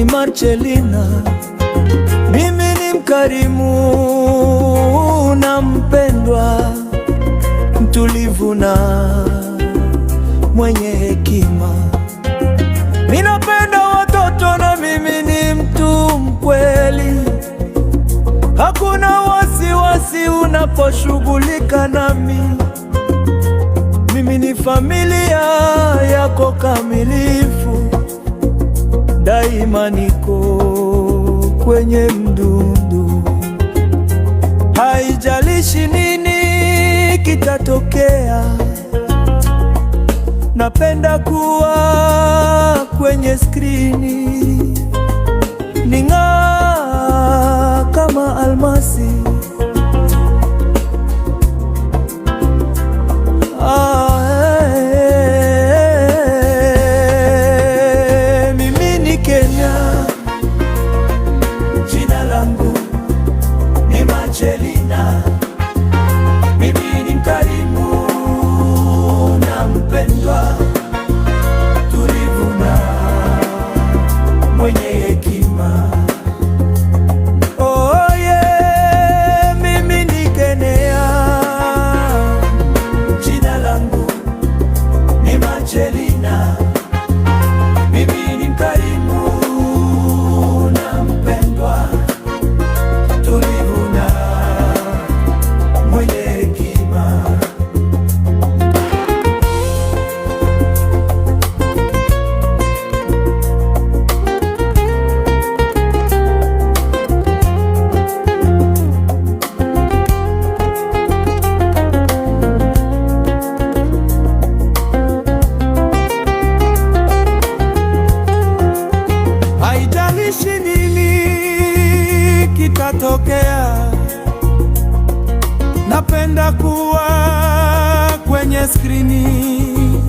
ni Marcelina, Mimi ni mkarimu na mpendwa, mtulivu na mwenye hekima. Ninapenda watoto na mimi ni mtu mkweli. Hakuna wasiwasi unaposhughulika nami. Mimi ni familia yako kamilifu daima niko kwenye mdundu haijalishi nini kitatokea. Napenda kuwa kwenye skrini kitatokea. Napenda kuwa kwenye skrini